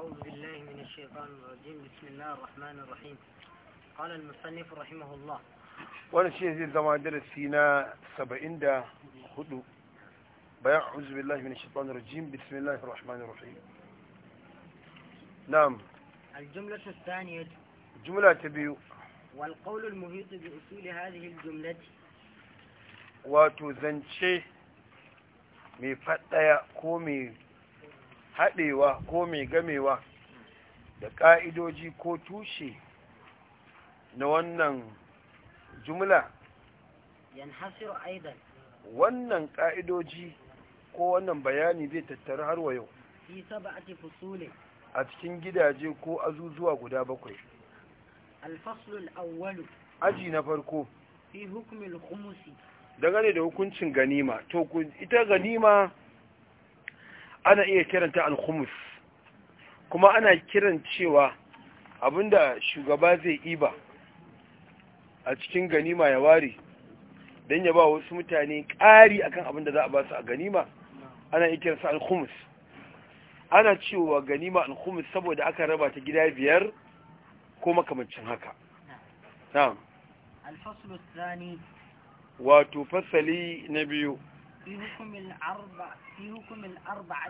أعوذ بالله من الشيطان الرجيم بسم الله الرحمن الرحيم قال المصنف رحمه الله وانا زي shi zai سبعين دا خدو بيع bayan a'udhu من الشيطان الرجيم بسم الله الرحمن الرحيم نعم الجملة الثانية جملة تبيو والقول المهيط بأصول هذه الجملة واتو مي فتايا كومي haɗewa ko mai gamewa da ƙa'idoji ko tushe na wannan jumla wannan ƙa'idoji ko wannan bayani zai tattara har wa yau a cikin gidaje ko azuzuwa guda bakwai aji na farko fi hukm dangane da hukuncin ganima to ita ganima ana iya kiranta alkhumus kuma ana kiran cewa abinda shugaba zai iba a cikin ganima ya ware don ya ba wasu mutane ƙari akan abinda za a ba su a ganima ana iya kiransa alkhumus ana cewa ganima alkhumus saboda aka raba ta gida biyar ko makamancin haka na'am wato fasali na biyu fi hukumin arba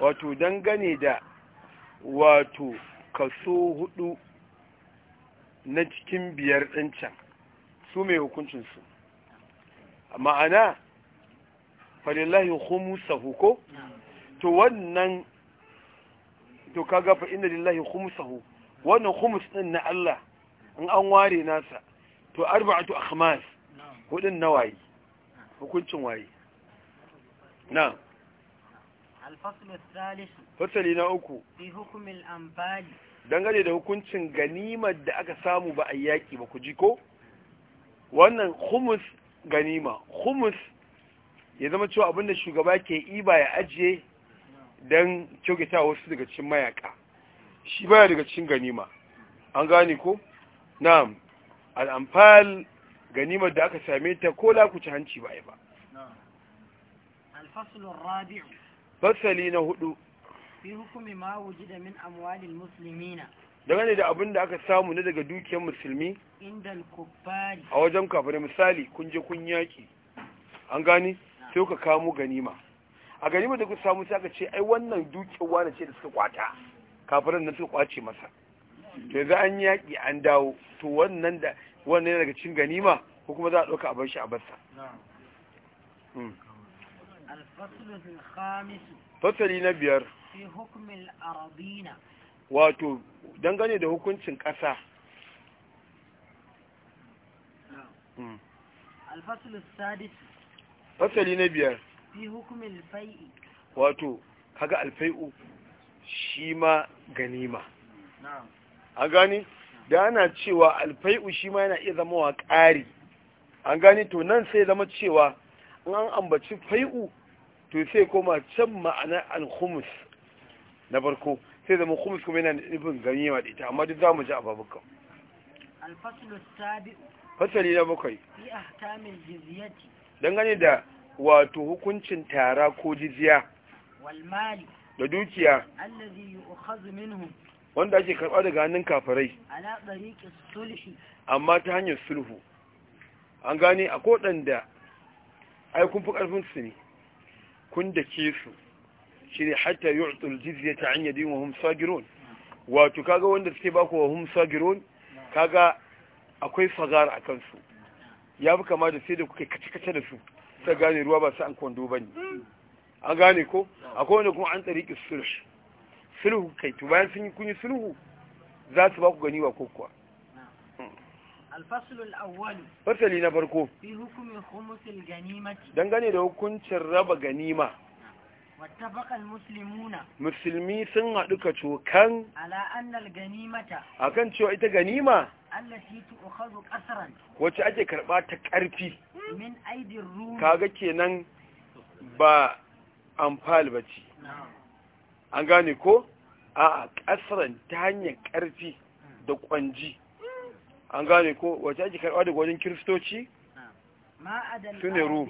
wato dangane da wato kaso hudu na cikin biyar ɗin can su mai hukuncinsu ma'ana falillahi khumusahu ko to wannan to kaga fa inna lillahi hu wannan humus din na Allah in an ware nasa to arba'atu akhmas hudun nawayi hukuncin waye na fasali na uku dangane da hukuncin ganimar da aka samu ba a yaƙi ba ku ji ko wannan humus ganima humus ya zama cewa abinda shugaba ke iba ya ajiye don kyaukita wasu daga cikin mayaka shi baya daga cikin ganima an gane ko na'am al'amfal ganimar da aka same ta ko la ku ci hanci ba ba fasali na hudu fi hukumi ma wujida min amwalil muslimina dangane da abin da aka samu ne daga dukiyar musulmi a wajen kafin misali kun je kun yaki an gani sai ka kamo ganima a ganima da ku samu sai aka ce ai wannan dukiyar wani ce da suka kwata kafirin nan suka kwace masa to yanzu an yaki an dawo to wannan da wannan daga cikin ganima ko kuma za a ɗauka a bar shi a barsa hmm. fasali na biyar wato dangane da hukuncin ƙasa hmm. fasali na biyar wato kaga alfai'u shi ma ganima a gani da ana cewa alfai'u shi ma yana iya zama wa ƙari an gani to nan sai zama cewa in an ambaci fai'u to sai koma can ma'ana alhumus na farko sai zama humus kuma yana nufin ganye da ita amma duk za mu ji a babukan fasali na bakwai dangane da wato hukuncin tara ko jiziya da dukiya wanda ake karɓa daga hannun kafarai amma ta hanyar sulhu an gane a koɗanda ai kun fi ƙarfin su ne kun da ke su shi ne hatta yi utsul jizya ta hanyar yin wahum sagirun wato kaga wanda suke baku wahum sagirun kaga akwai fagar a kansu ya fi kama da sai da kuka kace-kace da su ta gane ruwa ba su an kwando ba ne an gane ko akwai wanda kuma an tsari sulhu sulhu kai to bayan sun yi kunyi sulhu za su ba ku gani wa kokowa fasali na farko dangane da hukuncin raba ganima musulmi sun haɗu ka cokan ala ganimata akan cewa ita ganima wacce ake karɓa ta ƙarfi min kaga kenan ba amfal bace ce an gane ko a kasaran ta hanyar karfi da kwanji an gane ko wace ake karɓa daga wajen kiristoci su ne ru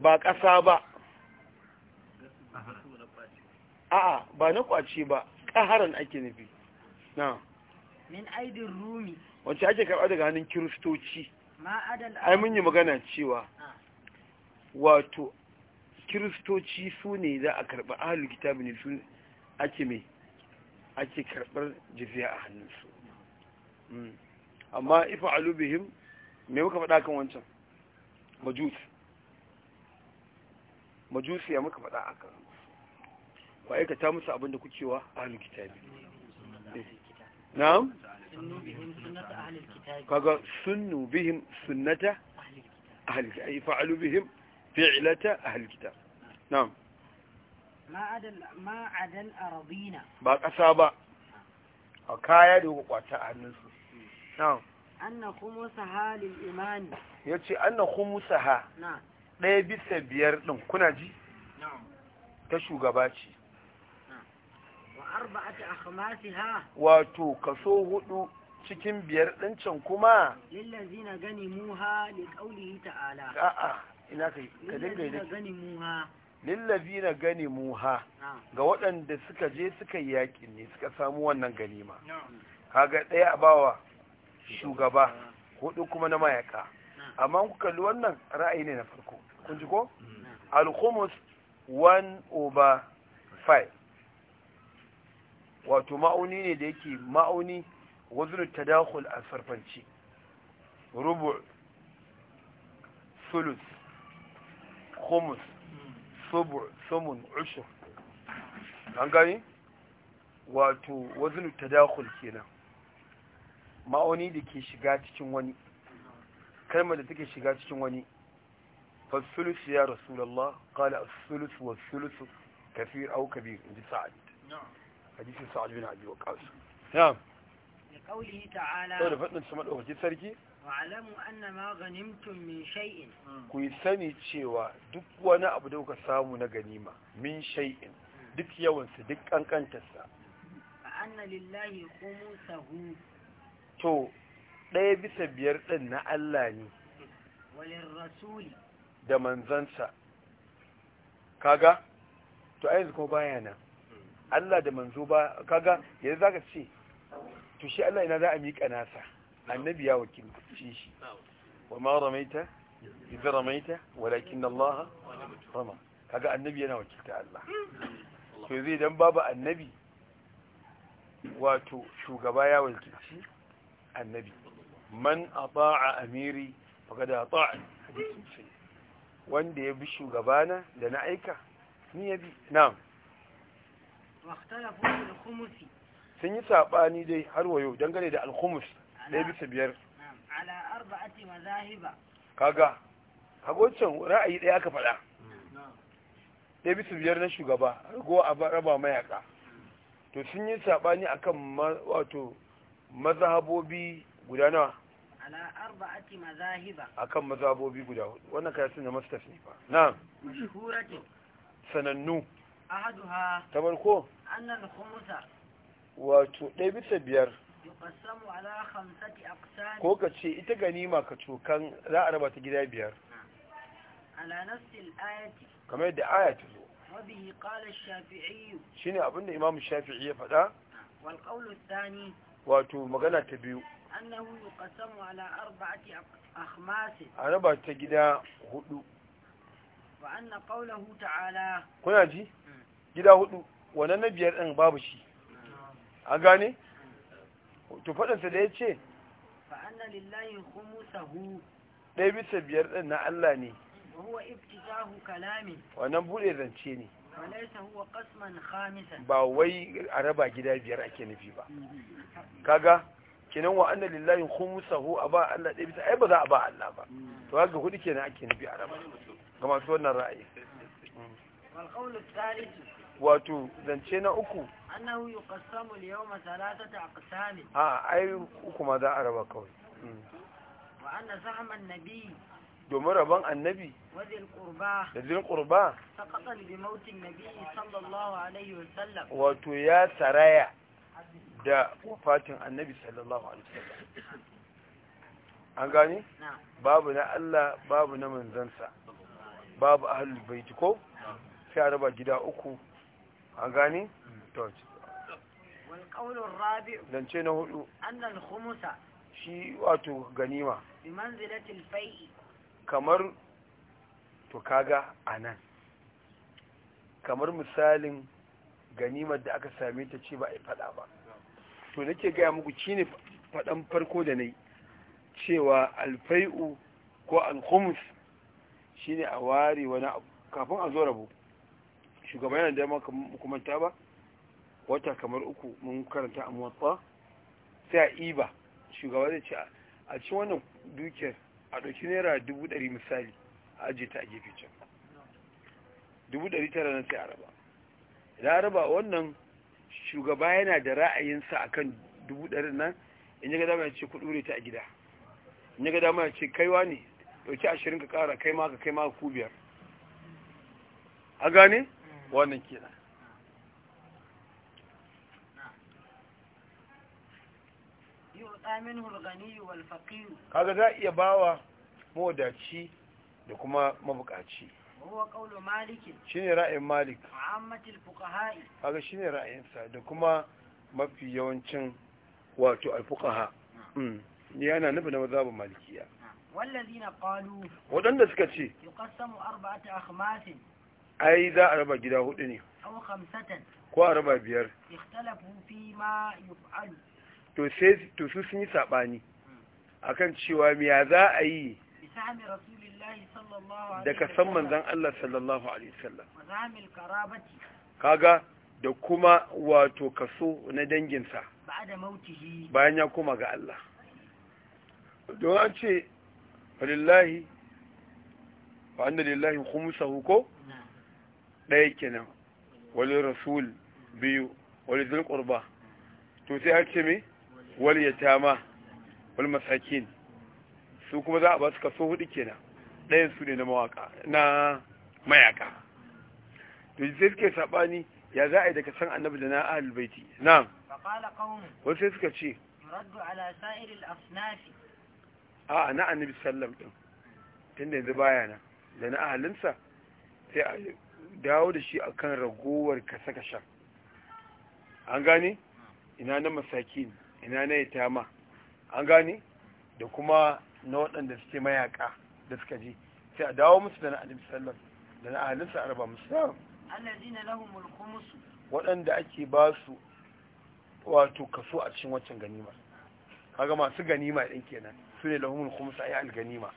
ba ƙasa ba a'a ba na kwace ba ƙaharan ake nufi na min aidin rumi wace ake karɓa daga hannun kiristoci ai mun yi magana cewa wato kiristoci su ne za a karɓa ahalin kitabi ne su ake mai ake karɓar jiziya a hannunsu hmm. amma ifa alubihim mai muka faɗa kan wancan majus majus ya muka faɗa akan ku aikata musu abinda ku kuke wa ahalin kitabi na'am kaga sunnu bihim sunnata ahalin kitabi ifa alubihim fi'ilata ahlul kitab na'am ma adal aradina ba kasa ba a kaya da kwata a hannunsu na'am anna khumusaha lil imani yace Annaku khumusaha na'am ɗaya bisa biyar ɗin kuna ji ta shugaba ce wato kaso huɗu cikin biyar ɗin can kuma lillazina gani muha li ta'ala a'a ina kai ka dinga yi lillazina gani muha ga waɗanda suka je suka yi yaƙin ne suka samu wannan ganima kaga ɗaya a bawa shugaba hudu kuma na mayaka amma ku kalli wannan ra'ayi ne na farko kun ji ko 1 over 5 wato ma'auni ne da yake ma'auni wazin tadakhul a sarfanci rubu thuluth khumus sumun ushur an gani wato wazinu tadakhul kenan ma'auni da ke shiga cikin wani kalmar da take shiga cikin wani fasulus ya rasulullah qala as-sulus was-sulus kathir aw kabir inji sa'ad hadisi sa'ad bin abi waqas na'am ya qawli ta'ala to da fadin sama da sarki wa'alamu annama ganimtum min shay'in hmm. ku sani cewa duk wani abu da kuka samu na ganima min shay'in duk yawansa duk kankantarsa anna lillahi khumsahu to ɗaya bisa biyar ɗin na Allah ne da manzansa kaga to ayyuka kuma baya nan hmm. Allah da manzo ba kaga yanzu zaka ce to shi Allah ina za a miƙa nasa annabi ya wakilci shi wa ma ramaita idza ramaita walakin Allah rama kaga annabi yana wakilta Allah to zai dan babu annabi wato shugaba ya wakilci annabi man ata'a amiri faqad ata'a hadisin sai wanda ya bi shugabana da na aika ni ya bi na'am sun yi saɓani dai har wayo dangane da al alkhumusi ɗaya bisa biyar kaga hagocin ra'ayi ɗaya aka faɗa ɗaya bisa biyar na shugaba ragowa a raba mayaka to sun yi saɓani a kan wato mazahabobi guda nawa a kan mazahabobi guda hudu wannan kayasin da mastaf ne ba na sanannu ta farko wato ɗaya bisa biyar ko ka ce ita ganima ka cokan za a raba ta gida biyar kamar yadda aya ta zo shi ne abinda imamu shafi'i ya faɗa wato magana ta biyu a raba ta gida hudu kuna ji hmm. gida hudu wannan na biyar ɗin babu shi a gane? to faɗinsa da ya ce fa'anna khumusahu ɗaya bisa biyar ɗin na Allah ne huwa iftitahu kalami wannan buɗe zance ne ba wai a raba gida biyar ake nufi ba mhm. kaga kenan wa anna lillahi khumusahu a ba Allah ɗaya bisa ai ba za a ba Allah ba mhm. to haka hudu kenan ake nufi a raba ga masu wannan ra'ayi wato zance na uku annahu yuqassamu al-yawma thalathata aqsam a ai uku ma za a raba kawai hmm. wa anna sahman nabi domin rabon annabi da zin ƙurba wato ya saraya da fatin annabi sallallahu alaihi wasallam an gani babu na Allah babu na manzansa babu ahlul ko sai a raba gida uku an gane to walƙaunin rabi ce na hudu annal khumusa shi wato ganima iman manzilatil fai'i kamar to kaga nan kamar misalin ganimar da aka same ta ce ba a fada ba to nake gaya muku ne fadan farko da nai cewa alfai'u ko alkhumus ne a ware wani abu kafin a zo rabo shugaba yana da dama kuma ba wata kamar uku mun karanta a muwatsa sai a iba shugaba zai ce a cikin wannan dukiyar a ɗauki naira dubu ɗari misali a ajiye ta a gefe can dubu ɗari tara nan sai a raba idan a raba wannan shugaba yana da ra'ayinsa a kan dubu ɗari nan in ya ga dama ya ce kuɗu ɗure ta a gida in ya ga dama ya ce kaiwa ne ɗauki ashirin ka ƙara kai ma ka kai ma ku biyar a gane wannan kenan kaga za iya bawa mawadaci da kuma mabukaci shi ne ra'ayin malik kaga shi ne ra'ayinsa da kuma mafi yawancin wato alfukaha yana mm. nufin na mazabin malikiya waɗanda suka ce ai za a raba gida hudu ne ko a raba biyar to su sun yi saɓani hmm. akan cewa miya za a yi daga san manzan Allah sallallahu Alaihi wasallam kaga da kuma wato kaso na danginsa bayan ya koma ga Allah don an ce walillahi wa anna lillahi khumsahu ko ɗaya kenan wali rasul biyu wali zul qurba to sai har ce mai wali yatama wali masakin su kuma za a ba su kaso hudu kenan ɗayan su ne na mawaka na mayaka to sai suke sabani ya za a yi daga san annabi da na ahlul baiti na wani sai suka ce a na annabi sallam tun da yanzu baya na da na ahalinsa sai a dawo da shi akan ragowar kasakashen an gane ina na masakin ina na yatama an gane da kuma na waɗanda suke mayaka da suka je sai a dawo musu da na sallar da na ahalinsa a raba waɗanda ake ba su wato kaso a cikin waccan ganima kaga masu ganima ɗin kenan su ne lahumul khumus ayi al ganima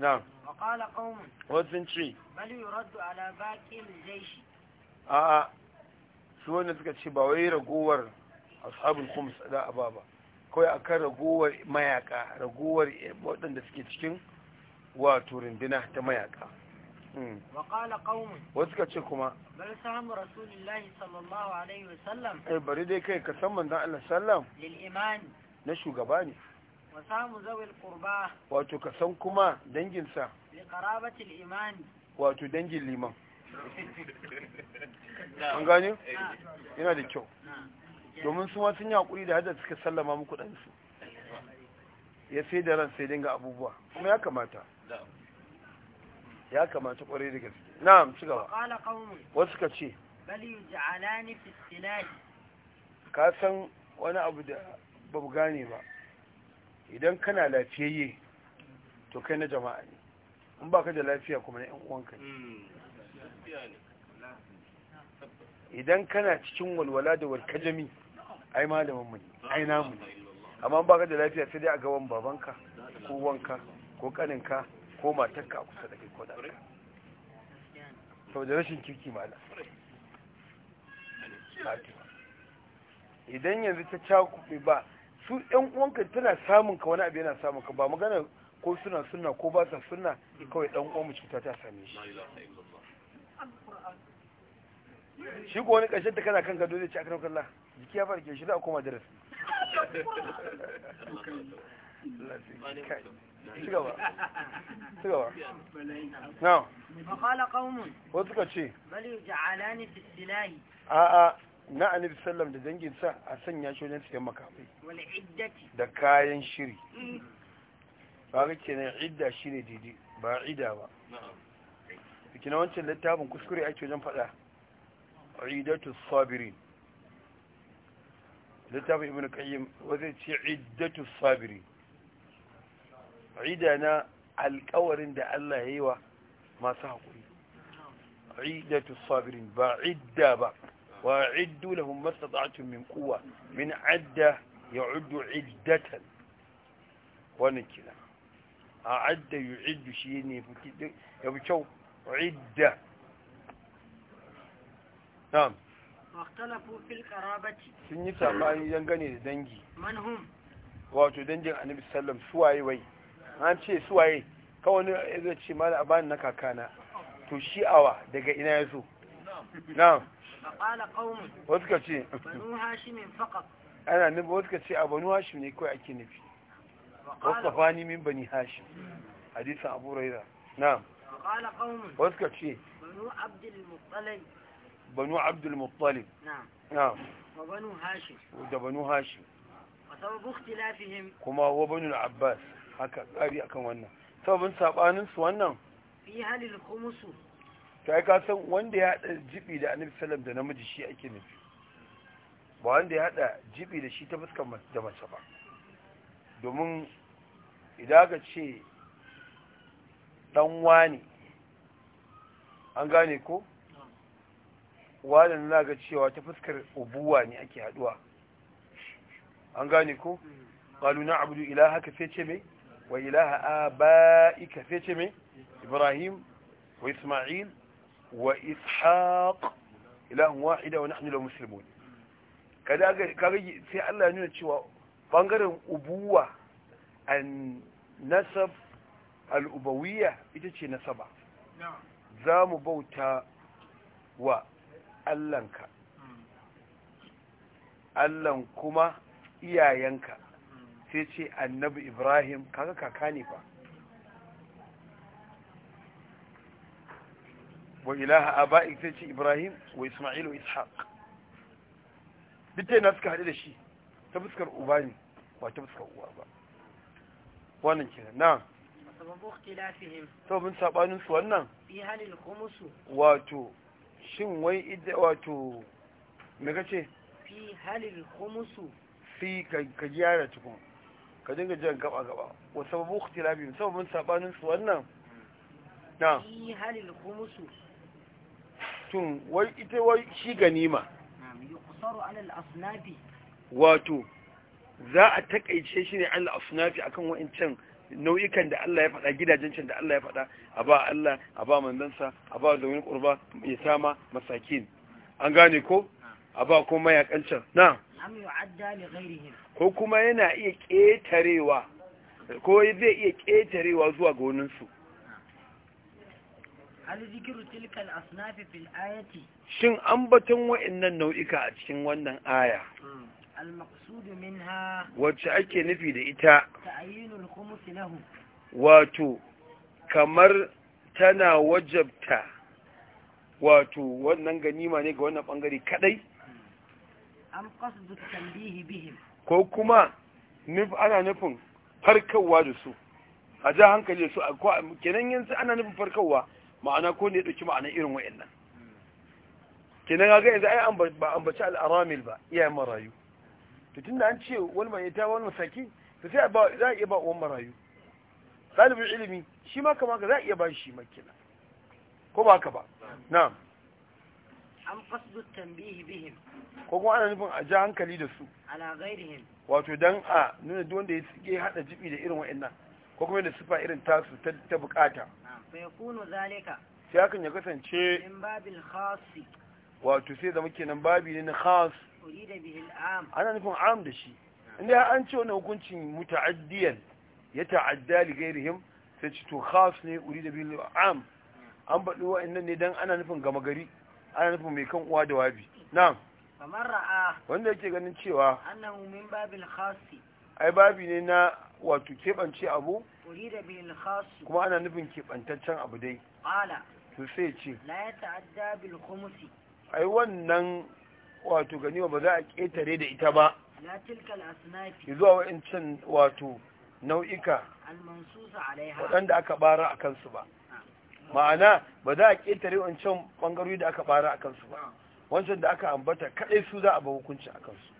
na'am وقال قوم وسنشي بل يرد على باقي الجيش اه su wanda suka ce ba wai ragowar ashabul khums da aba ba kawai akan ragowar mayaka ragowar waɗanda suke cikin wato rindina ta mayaka وقال hmm. قوم suka ce kuma bal sahamu rasulullahi sallallahu alaihi wasallam eh bari dai kai ka san manzon Allah sallam lil imani na shugaba ne wato ka san kuma danginsa wato dangin liman an gane yana da kyau domin su sun yi haƙuri da hada suka sallama muku ɗansu ya sai da ran sai dinga abubuwa kuma ya kamata ya kamata kwarai da gaske na'am ci gaba wasu ka ce ka san wani abu da babu gane ba idan kana lafiyayye to kai na jama'a ne in ba ka da lafiya kuma na 'yan uwanka ne idan kana cikin walwala da walkajami ai malamin mu ne ai namu ne amma ba ka da lafiya sai dai a gaban babanka ko wanka ko kaninka ko matarka a kusa da kai ko ka sau da rashin kirki mala idan yanzu ta cakuɓe ba su yan uwanka tana samun ka wani abu yana samun ka ba magana ko suna suna ko ba sa suna kawai dan uwan mu cuta ta same shi shi ko wani ƙarshen ta kana kan gado zai ci akan kallah jiki ya farke shi da koma darasi na wasu ka ce bali ja'alani fi silahi a'a na annabi sallam da danginsa a sanya shi wajen sayan makamai da kayan shiri ba mm. ga kenan idda shi ne daidai ba idda ba kina wancan littafin kuskure ake wajen faɗa iddatu sabirin littafin ibn qayyim wanda ce iddatu sabirin idda na alƙawarin da Allah ya yi wa masu haƙuri iddatu sabirin ba idda ba wa iddu lahum mastata'tum min quwwa min adda ya'uddu iddatan wannan kila a adda yu'iddu shine fiki ya kyau واختلفوا في القرابة sun yi sabani dangane da dangi wato dangin annabi sallam suwaye wai an ce suwaye kawai ne zai ce mala bani na kakana to shi'awa daga ina ya zo wasu ka ce ana nufi wasu ka ce a banu hashim ne kawai ake nufi wasu tafani min bani hashim hadisan abu raira na wasu ka ce banu abdul muttalib na da banu hashim kuma wa banu abbas haka tsari akan wannan sabon sabaninsu wannan fi halin kumusu ta ai kasan wanda ya hada jibi da annabi salam da namiji shi ake nufi ba wanda ya hada jibi da shi ta fuskar da mace ba domin idan aka ce dan wani an gane ko wani na ga cewa ta fuskar ubuwa ne ake haduwa an gane ko kaluna abudu ilaha ka sai mai wa ilaha bai sai ce mai ibrahim wa isma'il وإسحاق إله واحدة ونحن له مسلمون kada kaga sai Allah ya nuna cewa ɓangaren ubuwa an nasab al'ubawiyya ita ce nasaba za mu bauta wa Allahnka Allahn kuma iyayenka sai ce annabi Ibrahim kaga kaka ne ba wa ilaha aba'ik sai ce ibrahim wa isma'il wa ishaq duk na suka haɗu da shi ta fuskar uba ne ba ta fuskar uwa ba wannan kenan na sababin sabanin su wannan wato shin wai idda wato me kace fi halil khumusu fi ka gyara tukun ka dinga jan gaba gaba wa sababu ikhtilafihim sababin sabanin su wannan mm. na fi halil khumusu tun wai ita wai shi ganima wato za a takaice shi ne Allah a kan wa'ancan nau'ikan da Allah ya faɗa gidajen can da Allah ya faɗa a ba Allah a ba mandansa a ba zaunin ƙurba ya sama masakin an gane ko a ba kuma mayakan can na ko kuma yana iya ƙetarewa ko zai iya ƙetarewa zuwa goninsu. shin batun wa'annan nau'ika a cikin wannan aya wacce ake nufi da ita wato kamar tana wajabta wato wannan ganima ne ga wannan ɓangare kaɗai? ko kuma ana nufin farkawa da su a ja hankali su kenan yanzu ana nufin farkawa ma'ana ko ne ya ɗauki ma'ana irin wa'annan kenan ga yanzu ai ba ambaci al'aramil ba iya marayu to tunda an ce wani mai ta wani masaki to sai za a iya ba uwan marayu ɗalibin ilimi shi ma kama ka za a iya ba shi makina ko ba ka ba na'am an fasdu tambihi bihim ko kuma ana nufin a ja hankali da su ala ghairihim wato dan a nuna duk wanda ya tsige hada jibi da irin wa'annan ko kuma da sifa irin tasu ta bukata kunu sai hakan ya kasance wato sai zama kenan babi ne na khas ana nufin am da shi inda an ce wani hukuncin muta'addiyan ya ta'adda li sai ci to khas ne da bihi al'am an baɗi wa'annan ne don ana nufin gama gari ana nufin mai kan uwa da wabi na'am kamar ra'a wanda yake ganin cewa ai babi ne na wato keɓance abu kuma ana nufin keɓantaccen abu dai to sai ce ai wannan wato ganiwa ba za a ƙetare da ita ba ya zuwa wa'incin wato nau'ika waɗanda aka bara a kansu ba ah. ma'ana ba za a ƙetare wancan ɓangarori da aka bara a kansu ba ah. wancan da aka ambata kaɗai su za a ba hukunci a kansu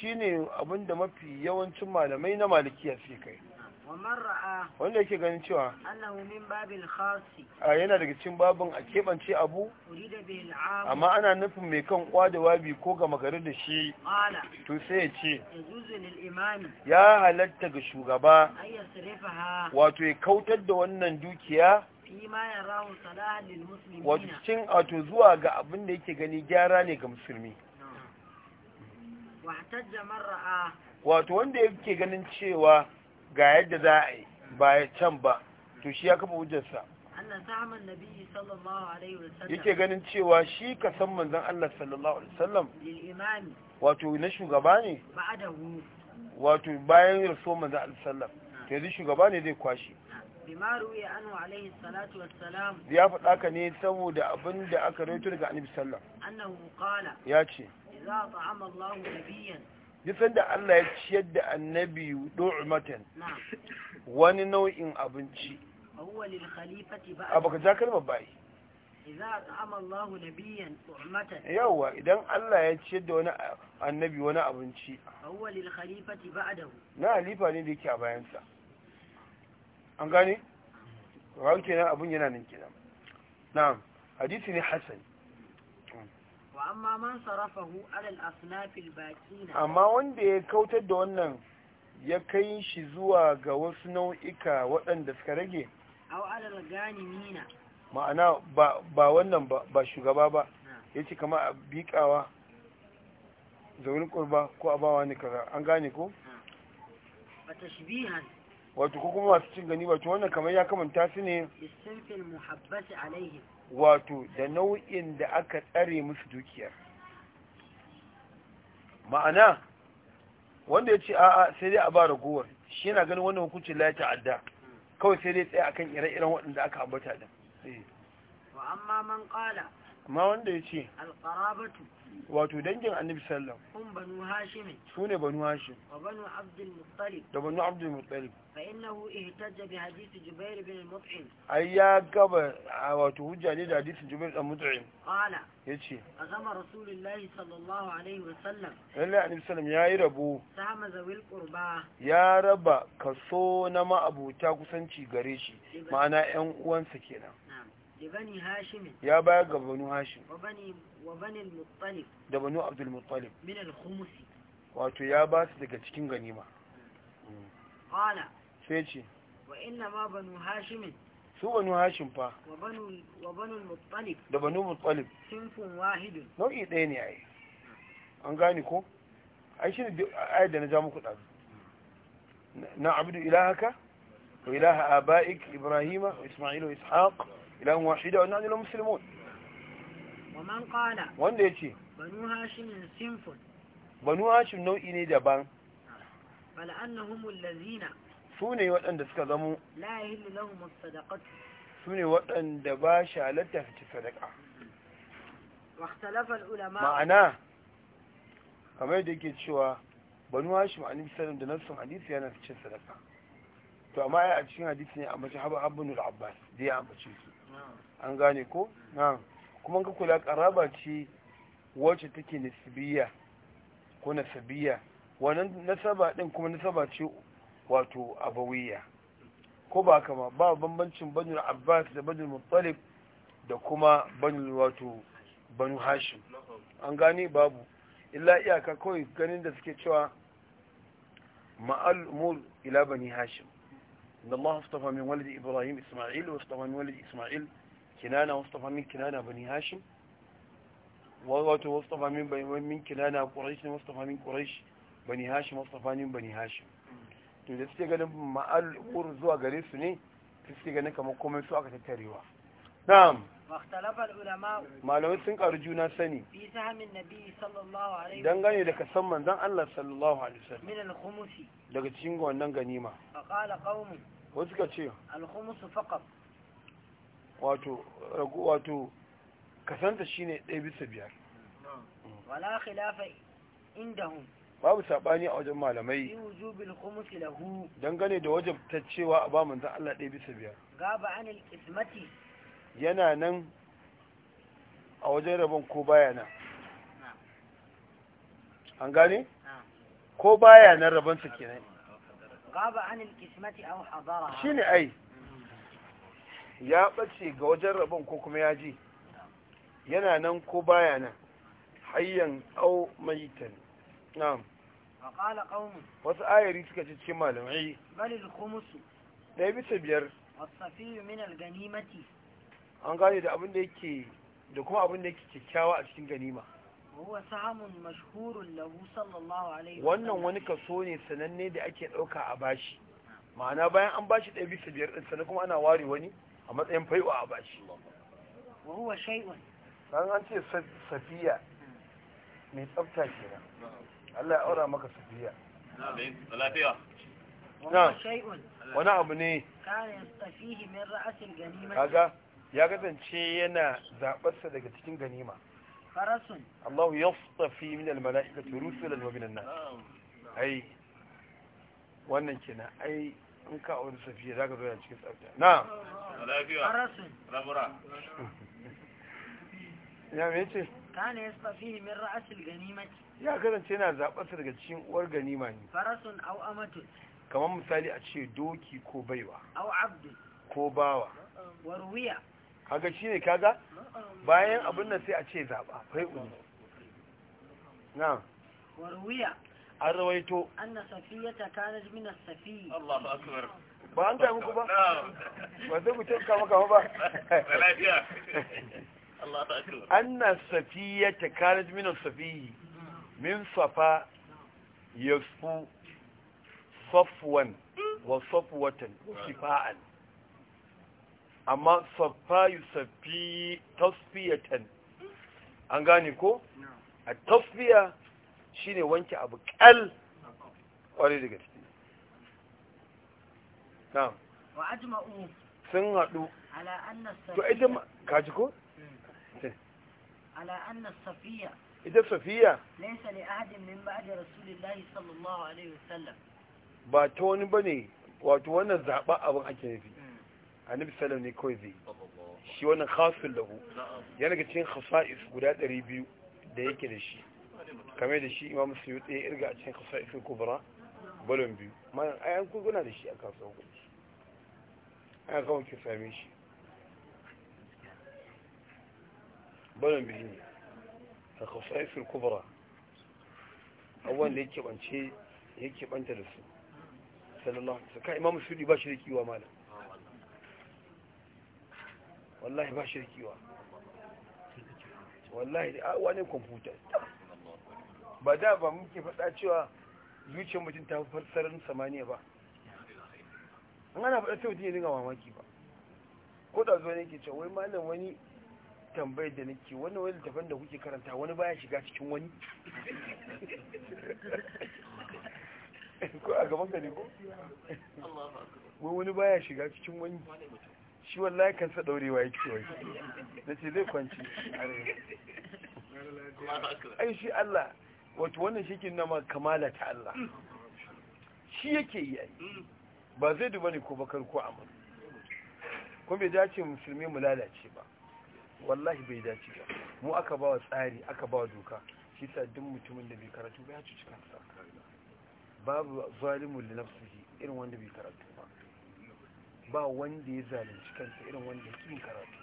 shine abinda mafi yawancin malamai na malikiya fi kai wanda yake ganin cewa a yana daga cikin babin a keɓance abu amma ana nufin mai kan kwada wabi ko gama magari da shi to sai ya ce ya halatta ga shugaba wato ya kautar da wannan dukiya wato cin ato zuwa ga abin da yake gani gyara ne ga musulmi wato wanda yake ganin cewa ga yadda za a yi ba can ba to shi ya kafa hujjarsa yake ganin cewa shi ka san manzan Allah sallallahu alaihi wasallam wato na shugaba ne wato bayan rasu manzan Allah sallam to yanzu shugaba ne zai kwashi ya faɗa ka ne saboda abin da aka rawaito daga annabi sallam ya ce idza Allah da Allah ya ciyar da annabi du'matan wani nau'in abinci A lil khalifati ba'a abaka idan Allah ya ciyar da wani annabi wani abinci na halifa ne da yake a bayansa. an gane rawun abun yana nan kenan na'am hadisi ne hasan amma wanda ya kautar da wannan ya kai shi zuwa ga wasu nau'ika waɗanda suka rage ma'ana ba wannan ba shugaba ba ya ce kama a biƙawa zaurin kurba ko a bawa ne kaza an gane ko? wato ko kuma masu cin gani wato wannan kamar ya kamanta su ne wato da nau'in da aka tsare musu dukiyar ma'ana wanda ya ce a'a sai dai a ba ragowar shi yana ganin wannan hukuncin la ta'adda kawai sai dai tsaye akan ire-iren waɗanda aka ambata da. wa amma man amma wanda ya ce alƙarabatu wato dangin annabi sallam kun banu hashim su ne banu hashim wa banu abdul muttalib da banu abdul muttalib fa innahu ihtajja bi hadith jubair bin mut'im ai ya gaba wato hujja ne da hadith jubair bin mut'im qala yace azama rasulullahi sallallahu alaihi wa sallam lalle annabi sallam yayi rabo sama zawil qurba ya raba kaso na ma'abuta kusanci gare shi ma'ana 'yan uwansa kenan ya bayar ga banu hashim da banu abdulmuttalib wato ya ba daga cikin ganima sai ce su banu hashim fa da banu muttalib nau'i ɗaya ne a yi an gane ko ai shi ne ayar da na ja muku ɗazu na abudu ilahaka wa ilaha aba'ik ibrahima wa isma'ilu ishaq إله واحدة ونحن له مسلمون ومن قال وان ده يتي بنو هاشم سنفل بنو هاشم نوعي ني دبان فلأنهم الذين سوني وأن ده زمو لا يهل لهم الصدقة سوني وأن ده لتفت الصدقة واختلف العلماء Ma'ana kamar yadda yake cewa banu hashim an salam da nassun hadisi yana cikin sadaka to amma ai a cikin hadisi ne a mace haba abbas da ya ambace su an gane ko kuma ka kula karaba ce wacce take nasibiya ko nasabiya wannan nasaba din kuma nasaba ce wato abawiya ko ba kama ba bambancin banu abbas da banu muttalib da kuma banu wato banu hashim an gane babu illa iyaka kawai ganin da suke cewa ma'al umur ila bani hashim إن الله اصطفى من ولد إبراهيم إسماعيل واصطفى من ولد إسماعيل كنانة واصطفى من كنانة بني هاشم وضعته واصطفى من, من كنانة قريش واصطفى من قريش بني هاشم واصطفى من بني هاشم to da suke ganin ma'al zuwa gare su ne suke ganin kamar komai su aka tattarewa na'am malamai sun ƙaru juna sani sallallahu alaihi don Dangane da kasan manzan Allah sallallahu alaihi wasallam daga cikin wannan ganima wasu ka ce wato wato kasanta shine ɗaya bisa biyar wala khilafa indahum babu sabani a wajen malamai wujubil khumus lahu dangane da wajabtaccewa a ba manzon Allah ɗaya bisa biyar gaba anil ismati yana nan a wajen rabon ko baya nan an gane ko baya nan su kenan gaba anil ai ya bace ga wajen rabon ko kuma ya ji yana nan ko baya nan hayyan mai tani na'am wasu ayari suka ce cikin malamai balil su bisa biyar wasafi min al an gane da abin da yake da kuma abin da yake kyakkyawa a cikin ganima huwa sahamun mashhurun lahu sallallahu alaihi wannan wani kaso ne sananne da ake dauka a bashi ma'ana bayan an bashi ɗaya bisa biyar ɗin sannan kuma ana ware wani a matsayin faiwa a bashi wa huwa shay'un an ce safiya mai tsafta kenan Allah ya aura maka safiya wani abu ne kaga ya kasance yana zabarsa daga cikin ganima farasun Allah ya tsafi min almala'ikati rusulan wa min nan. ai wannan kenan ai in ka auri safiya zaka zo da cikin tsafta na farasun rabura ya mai ce kana yastafi min ra'sil ganimati ya kasance yana zabarsa daga cikin uwar ganima ne farasun aw amatu kamar misali a ce doki ko baiwa aw abdu ko bawa warwiya kaga shi ne kaga bayan abin nan sai a ce zaɓa fai uli na warwiya an rawaito an na safiya ta kanar minas safi ba an tayi muku ba ba zai ku taimaka maka ba an na safiya ta kanar minas safi min safa yasfu safuwan wa safuwatan wa shifa'an amma saffa yusaffi tasfiyatan an gane ko a tasfiya shine wanke abu kal kwarai daga ciki na'am wa ajma'u sun hadu ala anna safiya to ita kaji ko hmm. ala anna safiya idan safiya laysa li ahadin min ba'di rasulillahi sallallahu alaihi wasallam ba ta wani bane wato wannan zaba abin ake nufi annabi sallam ne kawai zai shi wannan khasul lahu ya daga cikin khasa'is guda 200 da yake da shi kamar da shi imam suyuti ya irga a cikin khasa'is kubra balon biyu malam ai an kuna da shi a kasuwa ku ai ga ki same shi balon biyu ne a khasa'is kubra awan da yake bance yake banta da su sallallahu alaihi wasallam kai imam suyuti ba shi da kiwa malam wallahi ba shirkiwa wallahi da awa ne kwamfuta ba da ba muke faɗa cewa zuciyar mutum ta sararin samaniya ba an ana faɗa mutum ya dinga mamaki ba ko da zuwa ne ke cewa wai malam wani tambayar da nake wani wani littafin da kuke karanta wani baya shiga cikin wani ko a gaban ka ne ko wani baya shiga cikin wani shi wallahi kansa daurewa yake wai na ce zai kwanci ai shi Allah wato wannan shi ke nama kamala ta Allah shi yake yi ba zai duba ne ko bakar ko amur kuma bai dace musulmi mu lalace ba wallahi bai dace ba mu aka ba wa tsari aka ba wa doka shi sa duk mutumin da bai karatu ba ya cuci kansa babu zalimin da irin wanda bai karatu ba ba wanda ya zalunci kansa irin wanda ya kin karatu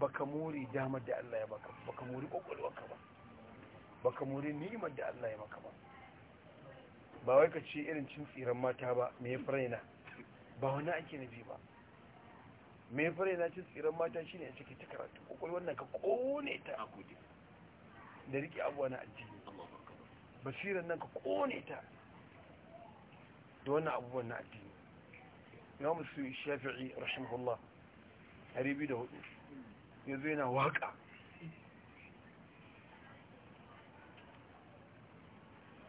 baka muri damar da Allah ya baka baka muri kokolwarka ba baka muri ni'imar da Allah ya maka ba ba wai ka ce irin cin tsiran mata ba me faraina ba wani ake nufi ba me faraina cin tsiran mata ne a cikin ta karatu kokolwar nan ka kone ta a gode da rike abuwa na addini basiran nan ka kone ta da wannan abubuwan na addini imam shafi'i rahimahullah dari biyu da hudu yanzu yana waka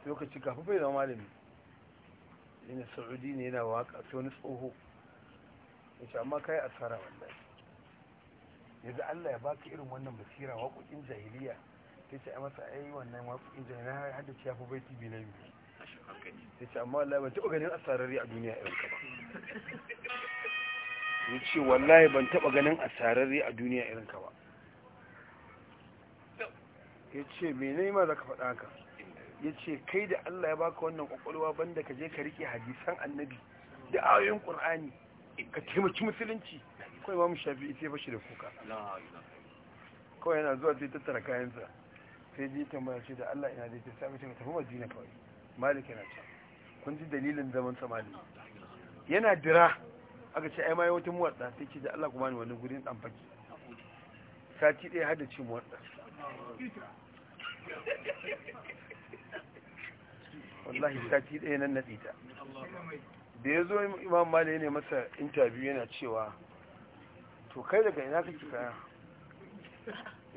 lokaci kafin bai zama malami yana sa'udi ne yana waka sai wani tsoho ya ce amma kayi asara wallahi yanzu allah ya baka irin wannan basira waƙoƙin jahiliya ta ce a masa ai wannan waƙoƙin jahiliya har da ciyafi baiti bilayi ya ce amma allah ban taɓa ganin asarari a duniya irin ka ba ya ce wallahi ban taba ganin asararri a duniya irin ka ba ya ce mene ma za ka faɗa haka ya ce kai da Allah ya baka wannan kwakwalwa banda ka je ka rike hadisan annabi da ayoyin ƙur'ani ka taimaki musulunci kawai mamu shafi ita ya fashe da kuka kawai yana zuwa zai tattara kayansa sai ji tambaya ce da Allah ina zai ta sami ta ka tafi madina kawai malik yana ce kun ji dalilin zaman samani yana dira aka ce ai ma wata sai ce da Allah kuma ni wani gurin dan faki sati ɗaya hada ce watsa wallahi sati ɗaya nan na ta da ya zo imam mali ne masa interview yana cewa to kai daga ina kake kaya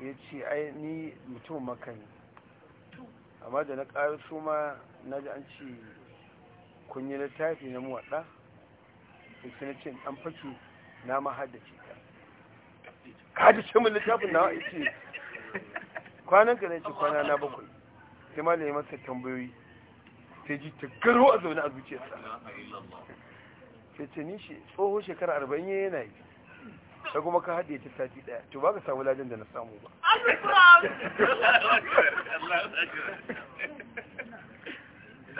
ya ce ai ni mutum ne amma da na su ma na ji an ce kun yi littafi na muwaɗa sai ce an fashe na mahaddace ka kaji ce min littafin na ce kwanan ka ce kwana na bakwai sai ma ya masa tambayoyi sai ji ta garo a zaune a zuciyarsa sai ce ni shi tsoho shekara arba'in ya yana yi ta kuma ka haɗe ta sati ɗaya to ba ka samu ladan da na samu ba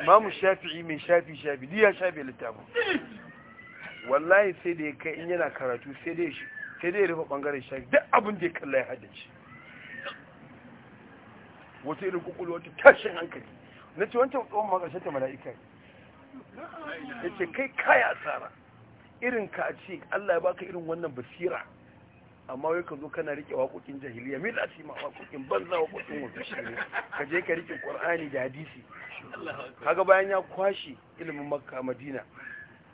mamu shafi'i mai shafi shafi diya shafi littafin wallahi sai da ya kai in yana karatu sai da ya rufe bangaren shari'a, duk abin da ya kalla ya shi. wata irin kukulu wata tashin hankali na ce wancan tsohon makashin ta mala'ika ya ce kai kaya asara irin ka a ce Allah ya baka irin wannan basira amma wai ka zo kana rike waƙoƙin jahiliya me da asima waƙoƙin banza waƙoƙin wasu shirye ka je ka rike ƙur'ani da hadisi kaga bayan ya kwashe ilimin makka madina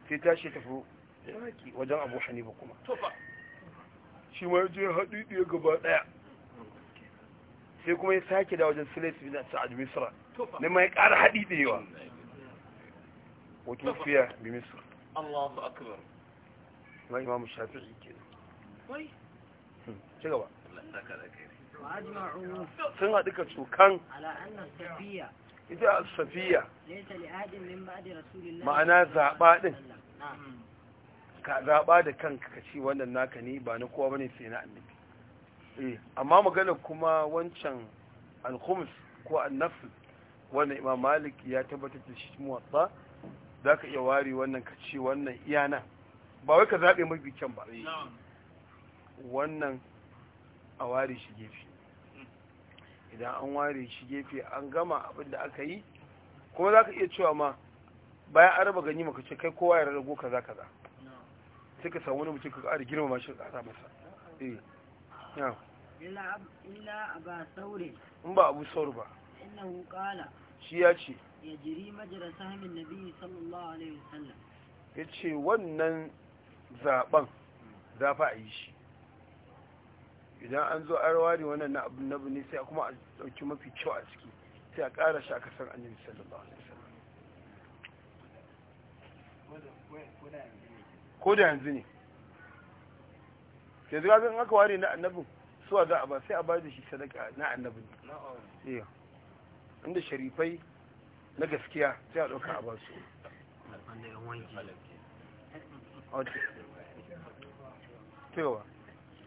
sai tashi tafi iraki wajen abu hanifa kuma shi ma yaje haɗu ɗaya gaba ɗaya sai kuma ya sake da wajen sulais bin sa'adu misra ne ma ya ƙara haɗi ɗayawa wato fiya bi misra Allahu akbar ma imam shafi'i kenan hmm. ci gaba sun haɗu ka tsokan tafiya ita safiya ma'ana zaɓa ɗin ka zaɓa da kanka ka ce wannan naka ne ba na kowa bane sai na annabi eh, amma magana kuma wancan alkhums ko annafs wanda imam malik ya tabbatar da shi muwatta za ka iya ware wannan ka ce wannan iyana ba wai ka zaɓe mafi kyan ba wannan a ware shi gefe idan an ware shi gefe an gama abin da aka yi kuma za ka iya cewa ma bayan an raba gani maka ce kai kowa ya za kaza kaza sai ka samu wani mutum ka ƙara girma mashi ƙasa masa eh, illa aba saurin in ba abu sauri ba inna qala shi ya ce ya jiri majra sahmin nabi sallallahu alaihi wasallam ce wannan zaben za fa a yi shi idan an zo a rawari wannan na abu na ne sai kuma a dauki mafi kyau a ciki sai a ƙara shi a kasar annabi sallallahu alaihi wasallam ko da yanzu ne sai zuwa zan aka ware na annabin suwa za a ba sai a ba da shi sadaka na annabin iya inda sharifai na gaskiya sai a ɗauka a ba su wanda yawan ji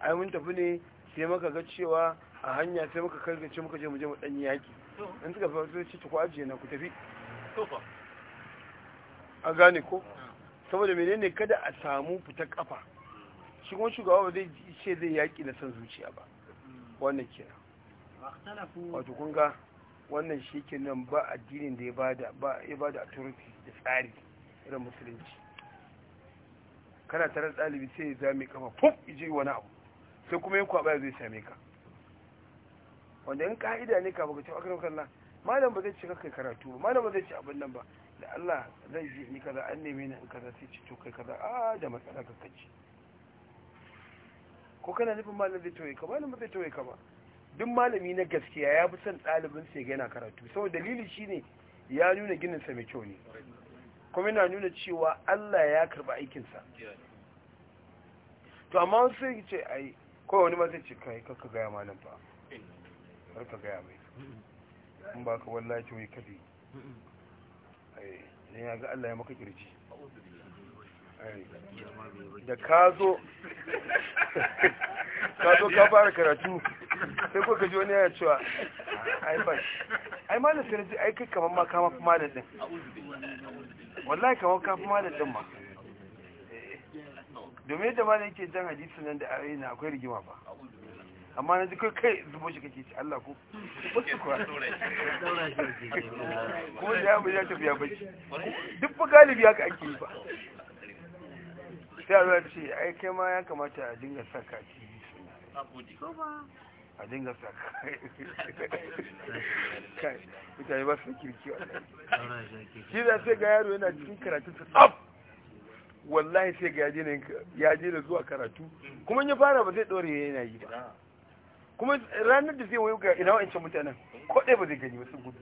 ai mun tafi ne sai maka ga cewa a hanya sai maka karkace muka je mu je mu dan yaki in suka fara ce ta ajiye na ku tafi a gane ko ah. saboda menene kada a samu fita kafa shi kuma shugaba ba zai ce zai yaki na san zuciya ba hmm. wannan kira wato kun ga wannan shi kenan ba addinin da ya bada ba ya bada authority da tsari irin musulunci kana tare da ɗalibi sai ya zame kafa fuf ije wani abu sai kuma yin kwaɓa zai same ka wanda in ka'ida ne ka baka cewa akarar kalla malam ba zai ce kai karatu ba malam ba zai ce abin nan ba da Allah zai ji ni kaza an neme ni in kaza sai ci to kai kaza a da matsala ka kaci ko kana nufin malam zai toye ka malam ba zai toye ka ba duk malami na gaskiya ya fi son ɗalibin sai ga yana karatu saboda dalili shine ya nuna ginin sa mai kyau ne kuma yana nuna cewa Allah ya karba aikinsa to amma wasu sai ce ai kowane ma zai ce kai kakka gaya malam fa har ka gaya mai in ba ka wallahi ce wai kadi ne ya ga Allah ya maka kirji da ka zo ka zo ka fara karatu sai kuka ji wani ya cewa ai ba ai malam sai ji ai kai kamar ma kama fi malam din wallahi kamar ka fi malam din ma domin ba ne ke jan hadisi nan da yi na akwai rigima ba amma na duka kai zubo shi kake ci Allah ko wasu kuwa da ya ya tafiya bacci duk ba galibi haka ake yi ba sai a zuwa ce ai kai ma ya kamata a dinga saka ci a dinga kai mutane ba su kirki wa shi da sai ga yaro yana cikin karatun sa wallahi sai ga ya daina zuwa karatu kuma ya fara ba zai dore yana yi ba kuma ranar da zai wayo ga ina wa'ancan mutanen ko dai ba zai gani wasu gudu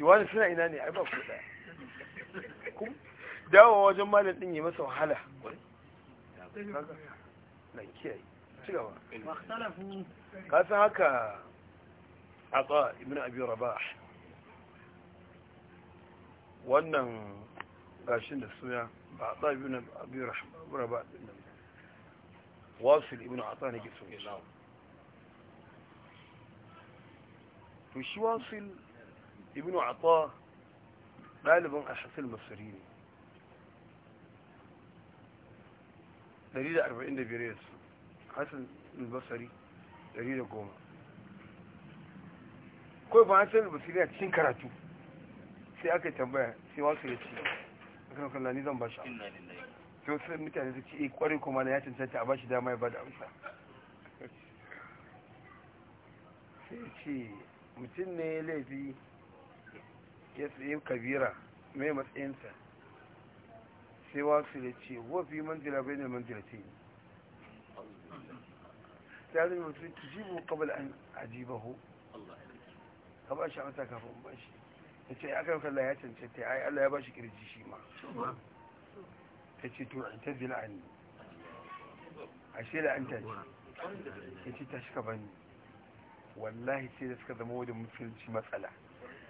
wani suna ina ne ai ba ku kuma dawo wajen malam din ya masa wahala nan kiyaye ci gaba ka san haka Aka ibn abi rabah wannan باشن السويا بعطاء طيب ابن أبي رحمة ورباء واصل ابن عطاني جسم وش إيه، نعم. واصل ابن عطاء غالبا أحس المصريين دليل أربعين دبيريس حسن البصري دليل قومة كيف حسن البصري هتشين كراتو sai aka tambaya sai wasu ya kan kalla ni zan bashi to sai mutane su ce eh kuma na ya cancanta a bashi dama ya da amsa sai ce mutum ne laifi ya tsaye kabira mai matsayinsa sai wasu da ce wafi manzila bai ne manzila ce ne ta zai mutum tujibu kabal an ajiyar ba ho ka ba shi amsa kafin ba shi ta ce ya kan kalla ya cancanta ya yi allah ya ba shi kirji shi ma ta ce to an la'ani a shi la'anta ce ta ce ta shika bani wallahi sai da suka zama wadda musulunci matsala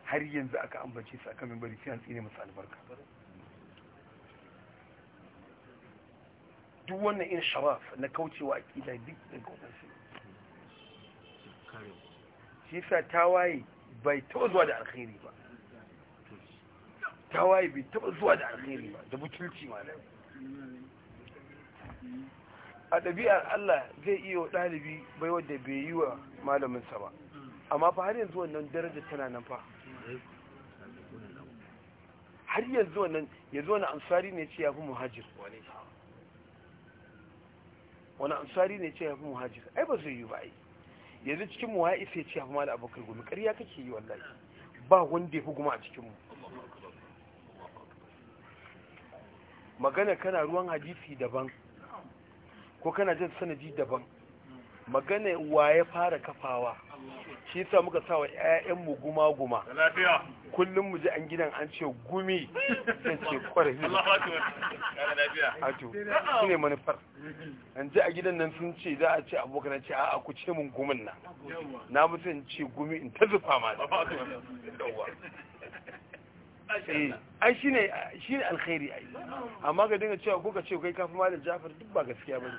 har yanzu aka ambace su bari mimbari sai an tsine masu albarka duk wannan in sharaf na kaucewa a kila duk da gwamnati shi sa tawaye bai taɓa da alkhairi ba tawaye bai taba zuwa da alheri ba da mutunci ma a ɗabi'ar Allah zai iya wa ɗalibi bai wadda bai yi wa malaminsa ba amma fa har yanzu wannan daraja tana nan fa har yanzu wannan yanzu wani ansari ne ce ya fi muhajir wani ansari ne ce ya fi muhajir ai ba zai yi ba ai yanzu cikin mu ya isa ya ce ya fi malam abokan gumi ƙarya kake yi wallahi ba wanda ya fi guma a cikinmu magana kana ruwan hadisi daban ko kana jin sanadi daban magana wa ya fara kafawa shi yasa muka sa wa ƴaƴanmu guma guma kullum mu ji an gidan an ce gumi sai ce kwarai ato shine manufar an ji a gidan nan sun ce za a ce abokan ce a ku ce mun gumin nan na mutun ce gumi in ta zufa ma Eh, ai shi ne shi ne alkhairi ai amma ga dinga cewa ko ka ce kai kafin malam jafar duk ba gaskiya ba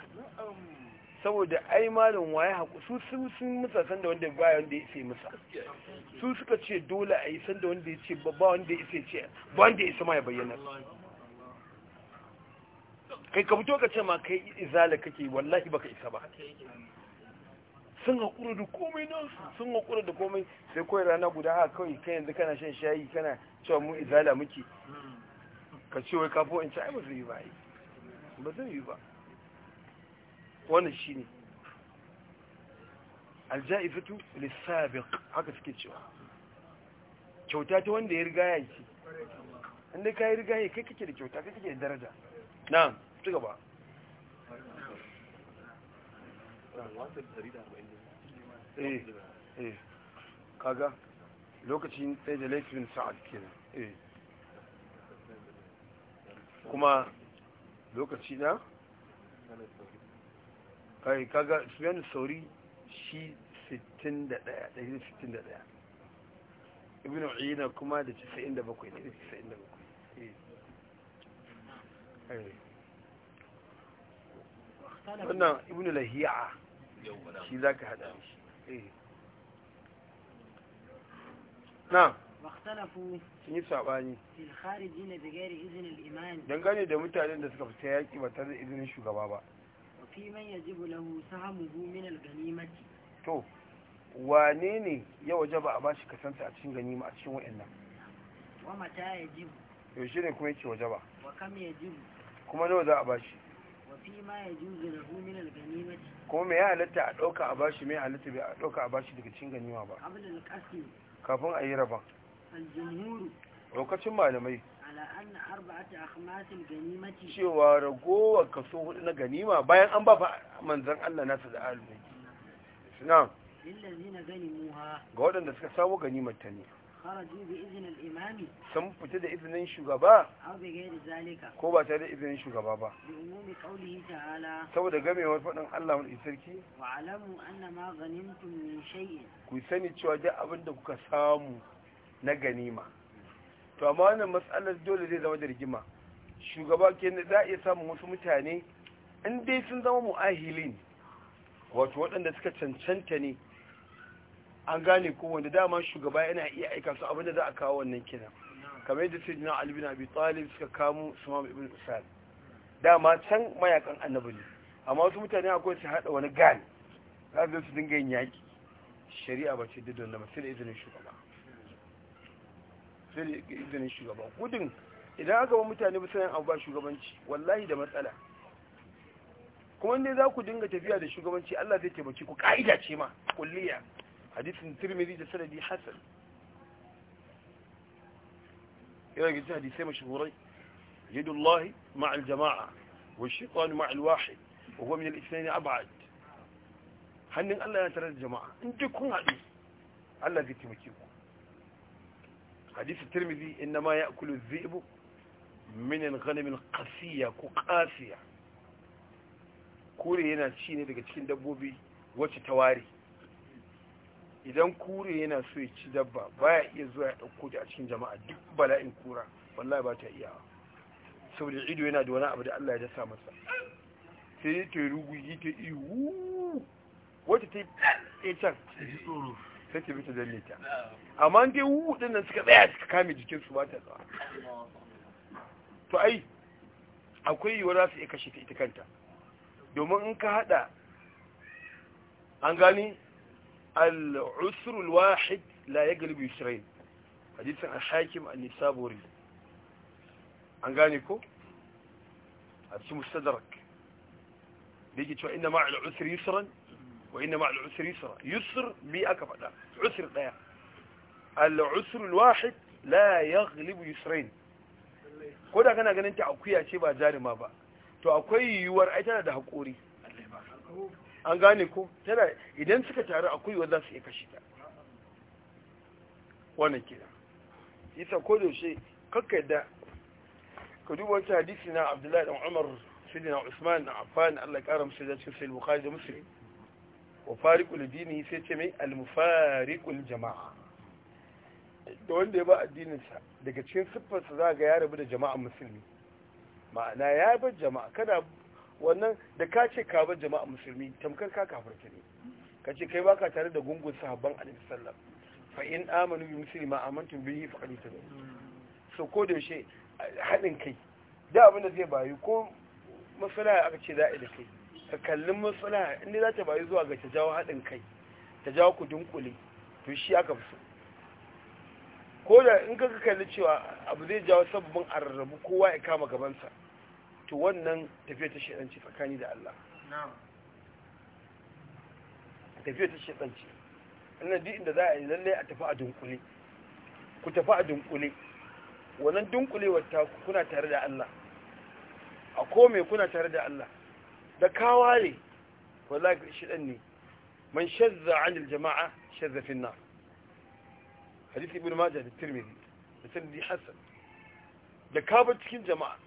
saboda ai malam waye haku su sun sun musa san da wanda ba wanda yace musa su suka ce dole a yi san da wanda yace ba wanda yace ce ba wanda yace ma ya bayyana kai ka fito ka ce ma kai izala kake wallahi baka isa ba sun haƙura da komai nasu sun haƙura da komai sai kawai rana guda haka kawai kan yanzu kana shan shayi kana cewa mu izala muke ka ce wai kafo in ci ai ba zai yi ba yi ba zai yi ba wani shi ne alja'ifatu lissabiq haka suke cewa kyauta ta wanda ya riga ya ci inda ka yi riga ya kai kake da kyauta kai kake da daraja na ci gaba Eh, eh. kaga lokacin ɗaya da laifin sa'ad kenan eh kuma lokaci na kai kaga sufiyan sauri shi 61 161 ibn uyina kuma da 97 97 eh. wannan ibn lahiya shi za ka haɗa shi eh. na sun yi saɓani dangane da mutanen da suka fita yaƙi ba tare da izinin shugaba ba to wane ne ya waje ba a ba shi kasanta a cikin ganima a cikin wa'annan yaushe ne kuma yake waje ba kuma nawa za a ba shi kuma mai halatta a ɗauka a bashi mai halatta bai a ɗauka a bashi daga cin ganima ba kafin a yi rabon lokacin malamai cewa ragowar kaso hudu na ganima bayan an ba fa manzan Allah nasu da alu ne ga waɗanda suka samu ganimar ta ne sun fita da izinin shugaba ko ba tare da izinin shugaba ba saboda gamewar faɗin Allah mai sarki ku sani cewa duk abin da kuka samu na ganima to amma wannan matsalar dole zai zama da rigima shugaba ke za a iya samun wasu mutane in dai sun zama mu'ahilin wato waɗanda suka cancanta ne an gane ko wanda dama shugaba yana iya aika su abinda za a kawo wannan kina kamar yadda sai jina Ali bin Abi Talib suka kamo Sumam ibn Usal dama can mayakan annabi ne amma wasu mutane akwai su hada wani gal za su dinga yin yaki shari'a ba ce didon na sai da izinin shugaba sai da izinin shugaba gudun idan aka ba mutane ba sanin abu ba shugabanci wallahi da matsala kuma inda za ku dinga tafiya da shugabanci Allah zai taimaki ku ka'ida ce ma kulliya hadisin tirmidhi da sanadi hasan yana gidan hadisai mashhurai yadullahi ma'al jama'a wa shaytanu ma'al wahid wa huwa min al-ithnayn ab'ad hannun Allah ya tare da jama'a in duk kun haɗu Allah zai taimake ku hadisi tirmidhi inma ya'kulu adh-dhi'bu min al-ghanam al-qasiya ku qasiya kure yana ci ne daga cikin dabbobi wacce ta ware idan kure yana so ya ci dabba baya iya zuwa ya ɗauko ta a cikin jama'a duk bala'in kura wallahi ba ta iyawa saboda ido yana da wani abu da Allah ya dasa masa sai dai ta yi ta iwu wata ta yi can sai ta bita dalle ta amma dai wu ɗin nan suka tsaya suka kame jikin su ba ta tsawa to ai akwai yiwuwa za su iya kashe ta ita kanta domin in ka hada an gani al'usrul wahid la ya galibu yusrain hadisin al an-nisaburi an gane ko a cikin mustadrak da yake cewa inna ma'al usri yusran wa inna ma'al usri aka fada usr daya al-usr al-wahid la ko da kana ganin ta akuya ce ba jarima ba to akwai yiwuwar ai tana da hakuri an gane ko tana idan suka taru akwai wa za su iya kashi ta wannan kenan isa ko da shi kakka da ka duba wata hadisi na abdullahi dan umar na usman na affan Allah ya musu da cikin sai bukari da musulmi wa farikul dini sai ce mai al jama'a da wanda ya ba addininsa daga cikin siffarsa za ga ya rabu da jama'an musulmi ma'ana ya bar jama'a kada wannan da ka ce ka bar jama'a musulmi tamkar ka kafirta ne ka ce kai baka tare da gungun sahabban alaihi sallam fa in amanu bi muslima amantum bihi fa qad so ko da yaushe haɗin kai da abin da zai bayu ko masala aka ce za'i da kai ka kallin maslaha inda za ta bayu zuwa ga ta jawo haɗin kai ta jawo ku dunkule to shi aka fi ko da in ka kalli cewa abu zai jawo sabbin arrabu kowa ya kama gabansa to wannan tafiya ta shaɗanci tsakani da Allah tafiya ta shaɗanci annan duk inda za a yi lallai a tafi a dunkule ku tafi a dunkule wannan dunkulewar ta kuna tare da Allah a kome kuna tare da Allah da kaware wallahi shaɗan ne man shazza anil jama'a shazzafin fin nar hadith ibn majah da tirmidhi da sanadi Hassan da kaba cikin jama'a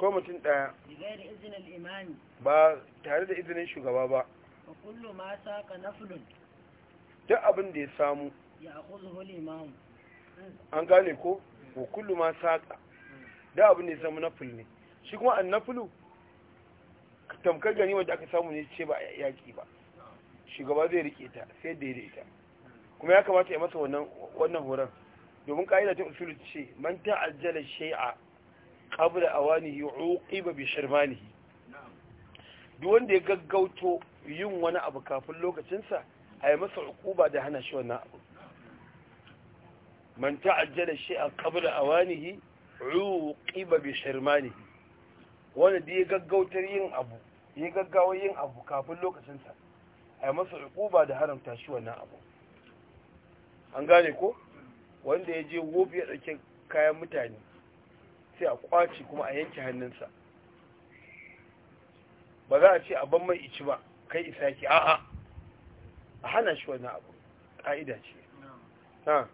ko mutum ɗaya ba tare da izinin shugaba ba duk abin da ya samu an gane ko wa kullu ma saƙa da abin da ya samu nafil ne shi kuma an nafilu tamkar gani wanda aka samu ne ce ba a yaƙi ba shugaba zai rike ta sai da ya ta kuma ya kamata ya masa wannan horon domin ƙa'ida ta usulu ce man ta'ajjala shai'a. qabla awanihi uqiba bi shirmanihi duk wanda ya gaggauto yin wani abu kafin lokacinsa sa yi masa hukuba da hana shi wannan abu man ta'ajjala shay'an qabla awanihi uqiba bi shirmanihi wanda da ya gaggautar yin abu ya gaggawa yin abu kafin lokacinsa sa yi masa hukuba da haramta shi wannan abu an gane ko wanda ya je wofi ya dauke kayan mutane sai a kwace kuma a yanke hannunsa ba za a ce a ban mai ici ba kai isa ki a'a a hana shi wani abu ƙa'ida ce ha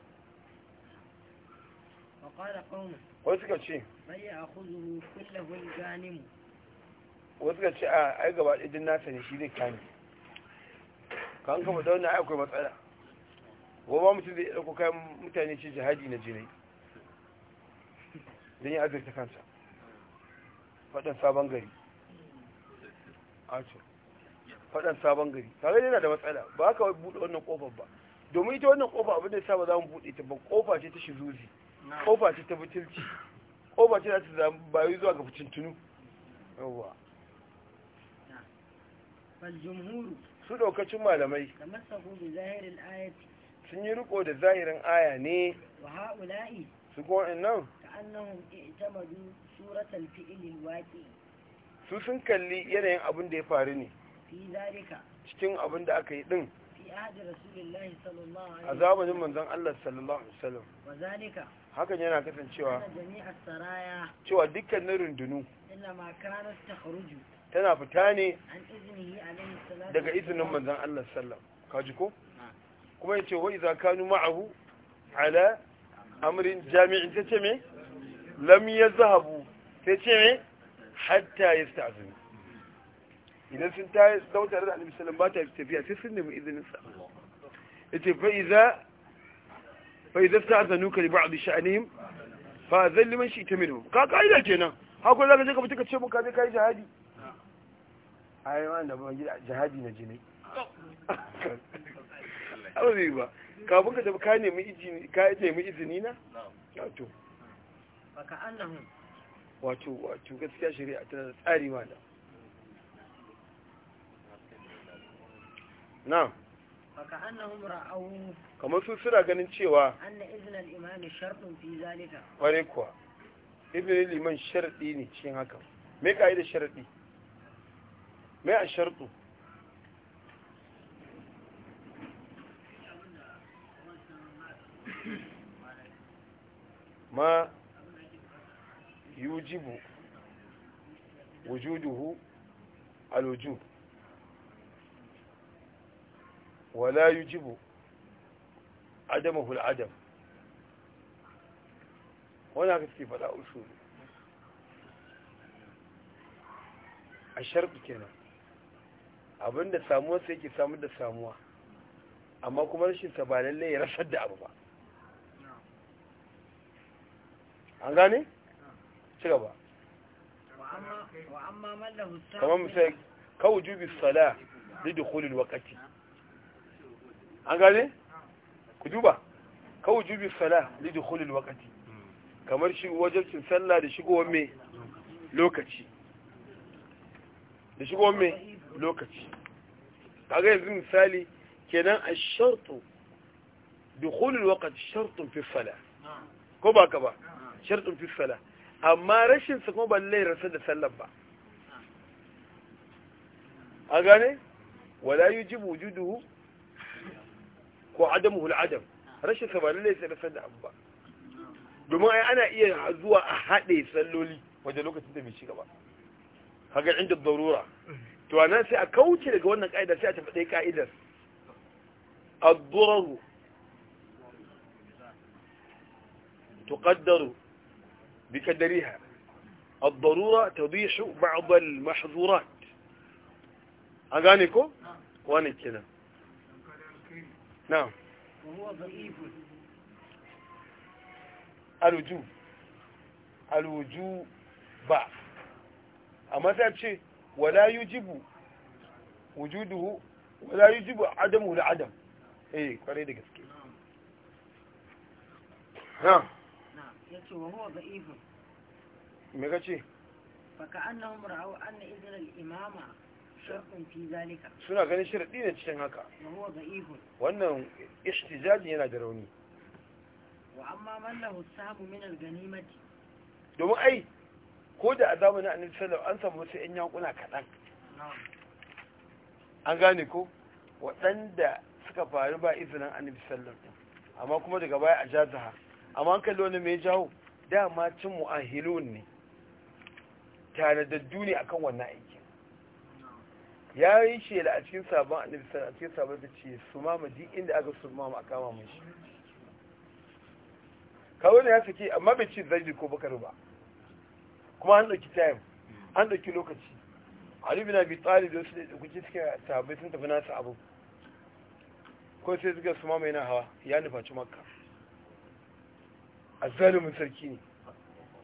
wasu suka ce wasu suka ce a ai gaba ɗin nasa ne shi zai kame kan kama da wani akwai matsala gobe mutum zai ɗauko kayan mutane ce jihadi na jinai don yi azurta kansa faɗin sabon gari arthur faɗin sabon gari tare yana da matsala ba ka buɗe wannan ƙofar ba domin ita wannan ƙofa abin da ya saba za mu buɗe ta ba ƙofa ce ta shizuzi ƙofa ce ta fitilci ƙofa ce za ta zama bayu zuwa ga tunu yawwa su ɗaukacin malamai sun yi riko da zahirin aya ne su in nan أنهم اعتمدوا waqi su sun kalli yanayin abin da ya faru ne cikin abin da aka yi din a zamanin manzon Allah sallallahu alaihi wasallam hakan yana kasancewa cewa dukkan dukkanin rundunu tana fita ne daga izinin manzon Allah wasallam kaji ko kuma yace wa idza kanu ma'ahu ala amrin jami'in tace me lam ya zahabu sai ce ne hatta ya sta azumi idan sun ta zama tare da annabi sallam ba ta tafiya sai sun nemi izinin sa ya ce fa'iza fa'iza sta azanu ka liba abu sha'anihim fa zan liman shi ta minu ka ka'ida kenan haka za ka je ka fita ka ce muka zai ka yi jihadi a yi ma da jihadi na jinai ba kafin ka tafi ka nemi izini na? to wato wato gaskiya shari'a tana da tsari malam na kamar su suna ganin cewa kware kuwa izinin liman sharaɗi ne cikin hakan mai ka yi da sharaɗi mai a sharaɗu ma yujibu وجوده الوجوب wala يجب عدمه العدم هنا في suke faɗa الشرق a sharɗi kenan abinda samuwa sai ke samu da samuwa amma kuma rashin ba lallai ya rasar da abu ba an gane? ci gaba kamar misali kawo jubi sala da dukkanin wakati an gane? ku duba kawo jubi sala da dukkanin wakati kamar shi cin sallah da shigowar mai lokaci da shigowar mai lokaci kaga yanzu misali kenan a shartu dukkanin wakati shartun fi sala ko ba ka ba shartun fi sala amma rashin su kuma balle rasu da sallar ba a gane wala ji wujuduhu ko adamuhu adam rashin su balle sai rasu da abu ba domin ai ana iya zuwa a haɗe salloli wajen lokacin da bai shiga ba haka inda zarura to anan sai a kauce daga wannan ka'ida sai a tafi ɗaya ka'idar A durar tuqaddaru بقدرها الضرورة تبيح بعض المحظورات أغانيكو وانا كده نعم وهو ضعيف الوجوب الوجوب بعض أما تبشي ولا يجب وجوده ولا يجب عدمه لعدم ايه قريدة قسكي نعم ya ce wa huwa da'ifun me kace faka annahum ra'aw anna idra al-imama shartun fi zalika suna ganin sharadi ne cikin haka wa huwa da'ifun wannan ihtijaj yana da rauni wa amma man lahu minar min al-ganimati domin ai ko da a zamanin annabi sallallahu alaihi an samu wasu yan yankuna kaɗan. an gane ko waɗanda suka faru ba izinin annabi sallallahu amma kuma daga baya a jazaha amma an kalli wani mai jawo dama cin mu'ahilun ne duni a akan wannan aikin ya yi shela a cikin sabon annabi a cikin sabon da ce su mama inda aka su mama a kama mun shi kawo ne ya sake amma bai ce zai ko bakar ba kuma an ɗauki time an ɗauki lokaci ali na bi tsari da su da kuke suke tabi sun tafi nasu abu ko sai suka su mama yana hawa ya nufaci makka azalumin sarki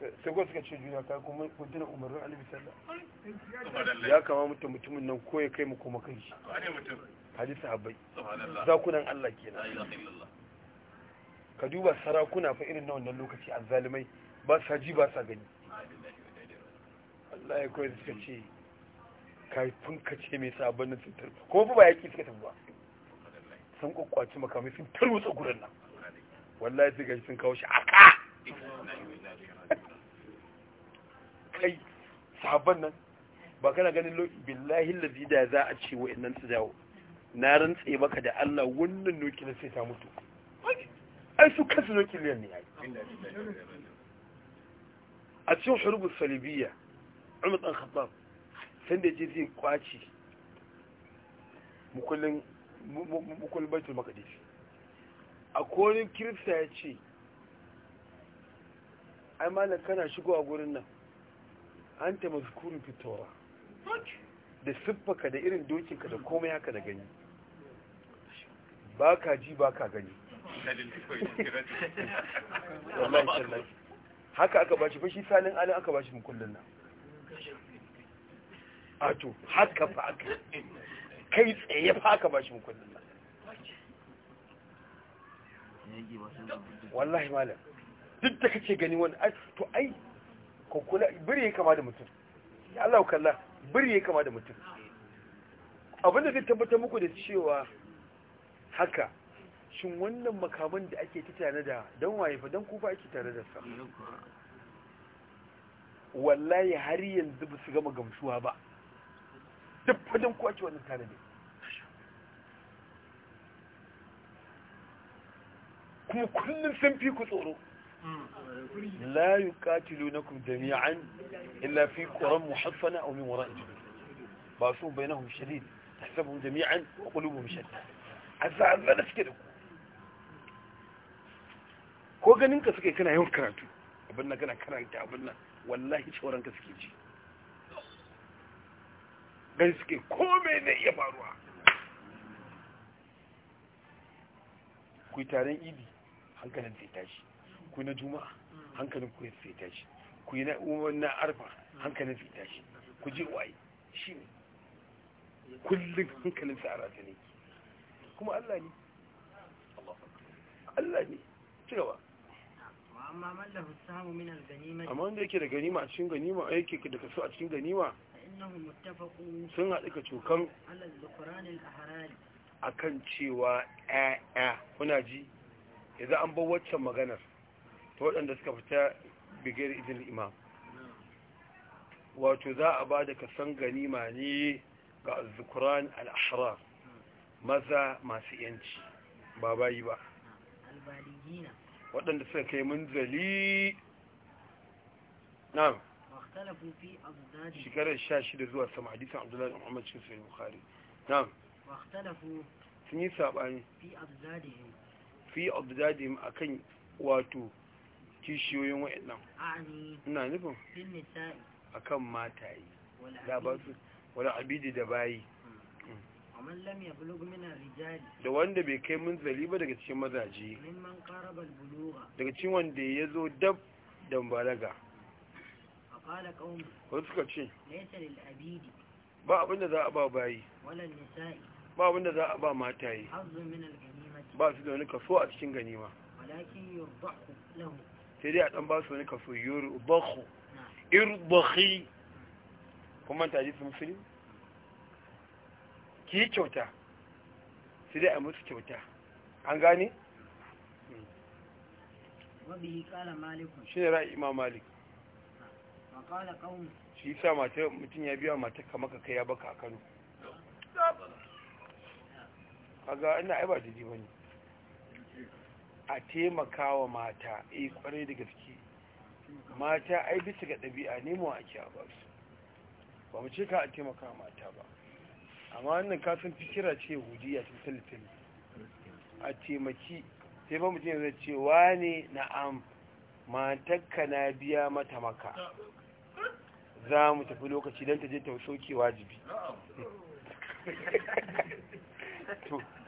ne sai kuwa suka ce juna ta kuma kudin umarnin alibi ya kama mutum mutumin nan koya kai mu kuma kai shi hadisa abai zakunan allah ke nan. ka duba sarakuna fa irin na wannan lokaci a zalimai ba sa ji ba sa gani allah ya kawai suka ce kaifin ka ce mai sabon nan sun tarbi kuma ba yaki suka tabuwa sun kwakwaci makamai sun tarwatsa gurin nan wallahi sai gaji sun kawo shi aka kai sabon nan ba kana ganin billahi lazi da za a ce wa'annan su dawo na rantse maka da Allah wannan nukilin sai ta mutu ai su kasu nukilin ne yayi a cikin hurubu salibiya Umar dan Khattab da je zai kwaci mukullin mukullin baitul maqdis a konin kirista ya ce ai malam kana shigowa gurin nan an ta mazkurin fitowa da siffaka da irin dokinka da komai haka da gani ba ka ji ba ka gani haka aka bashi fashi salin alin aka bashi mukullin nan ato haka fa aka kai tsaye fa aka bashi mukullin wallahi malam duk da kace gani wani to ai ko kula bire ya kama da mutum ya Allah kalla bire ya kama da mutum abinda zai tabbatar muku da cewa haka shin wannan makaman da ake ta tare da dan waye fa dan kufa ake tare da sa wallahi har yanzu ba su gama gamsuwa ba duk fadan ku ake wannan tare da kuma kullum sun fi ku tsoro la yuqatilunakum jami'an illa fi quran muhaffana aw jami'an da suke da ku ko suke kana yawan karatu abin karanta abin wallahi tsoron ka suke ji gani suke kome iya faruwa ku yi taron idi hankalin sai tashi ku na juma'a hankalin ku sai tashi ku na na arfa hankalin sai tashi ku je waye shi ne kullum hankalin sa a ne kuma Allah ne Allah ne cewa gaba amma mallahu samu min al-ganima amma wanda yake da ganima a cikin ganima eh, yake da kaso a cikin ganima sun haɗu ka cokan akan cewa ɗaya kuna ji idan an bar waccan maganar ta waɗanda suka fita bigar izin imam wato za a ba da kasan ganima ne ga al al'ashrar maza masu yanci ba bayi ba waɗanda suka kai munzali na'am shekarar sha shida zuwa sama hadisan abdullahi muhammad cikin sai bukari na'am sun yi saɓani fi abdadim akan wato kishiyoyin wa'annan ina nufin akan mataye da ba su wala abidi da bayi hmm. da wanda bai kai zali ba daga cikin mazaje daga cikin wanda ya zo dab da balaga wasu suka ce ba abinda za a ba bayi ba abinda za a ba mataye ba su da wani kaso a cikin ganima sai dai a ɗan ba su wani kaso ubaku irbaki kuma ta ji Musulmi? ki yi kyauta sai dai a musu kyauta an gane? shi ne ra'ayi imam malik shi sa mutum ya biya mata kama ka kai ya baka a kano kaga ina ai ba jiji bane a taimaka wa mata eh kwarai da gaske mata ai bisa ga ɗabi'a nemo ake a ba su ba mu ce ka a taimaka wa mata ba amma wannan kafin fikira ce hujiya ta talifin a taimaki sai ba ce zai ce wane na'am matakka na biya mata maka za mu tafi lokaci don ta je ta soke wajibi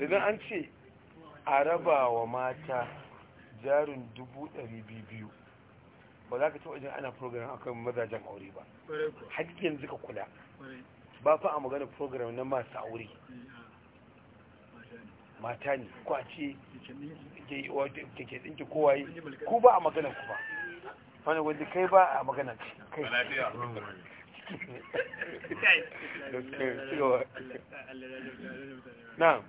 idan an ce a raba wa mata jarin dubu ɗari biyu ba za ka taɓa jin ana program akan mazajen aure ba har yanzu ka kula ba fa a magana program na masu aure mata ne ce keke tsinki kowaye ko ba a magana ku ba wani wanda kai ba a magana kai na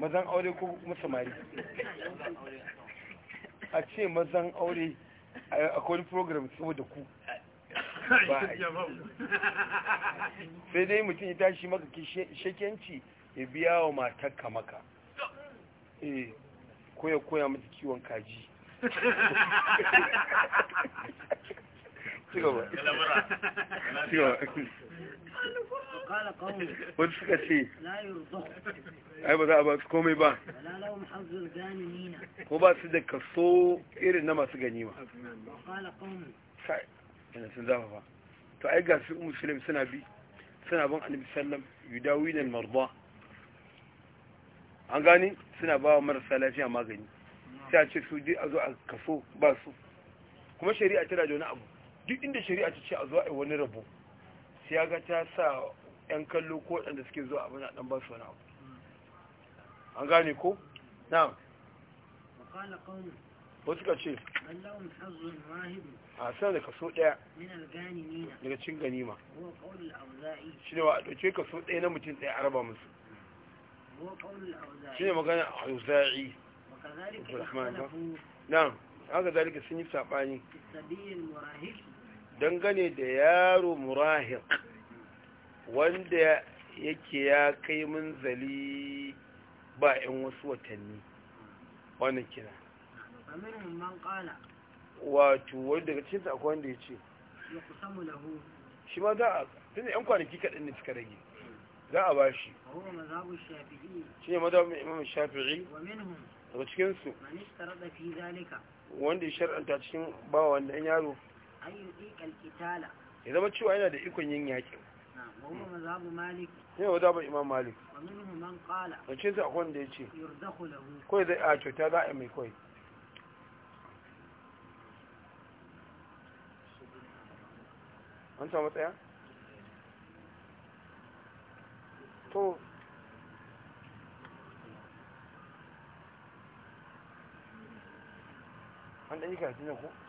mazan aure ko musamari a ce mazan aure a wani program saboda ku sai dai mutum ya tashi maka shekenci ya biya wa matakka maka eh koya koya mata kiwon kaji wadda suka ce ai ba za a ba su komai ba ko ba su da kaso irin na masu ganima yana sun zafafa to ai ga su umu sulaim suna bi suna bin annabi sallam yudawina al-marda an gani suna ba wa marasa lafiya magani sai a ce su je a zo a kaso ba su kuma shari'a tana da wani abu duk inda shari'a ta ce a zo a yi wani rabo sai ya ga ta sa 'yan kallo ko waɗanda suke zuwa abin a ɗan ba su wani abu an gane ko? na wasu ka ce a sa da kaso daya daga cin ganima shi ne wa ɗauke kaso daya na mutum daya araba musu shi ne magana a hauza'i na'am haka zalika sun yi saɓani dangane da yaro murahir wanda yake ya kai munzali ba 'yan wasu watanni wannan kira wato wadda daga cikinsa akwai wanda ya ce shi ma za a tun 'yan kwanaki kaɗan da suka rage za a ba shi shi ne mazhabin imam shafi'i daga cikinsu wanda ya shar'anta cikin ba wanda yan yaro ya zama cewa yana da ikon yin yakin ne ba imam malik wani cikinsa akwai wanda ya ce kawai zai a cuta za a yi mai kawai an samu tsaya to an ɗan yi karatu ne ko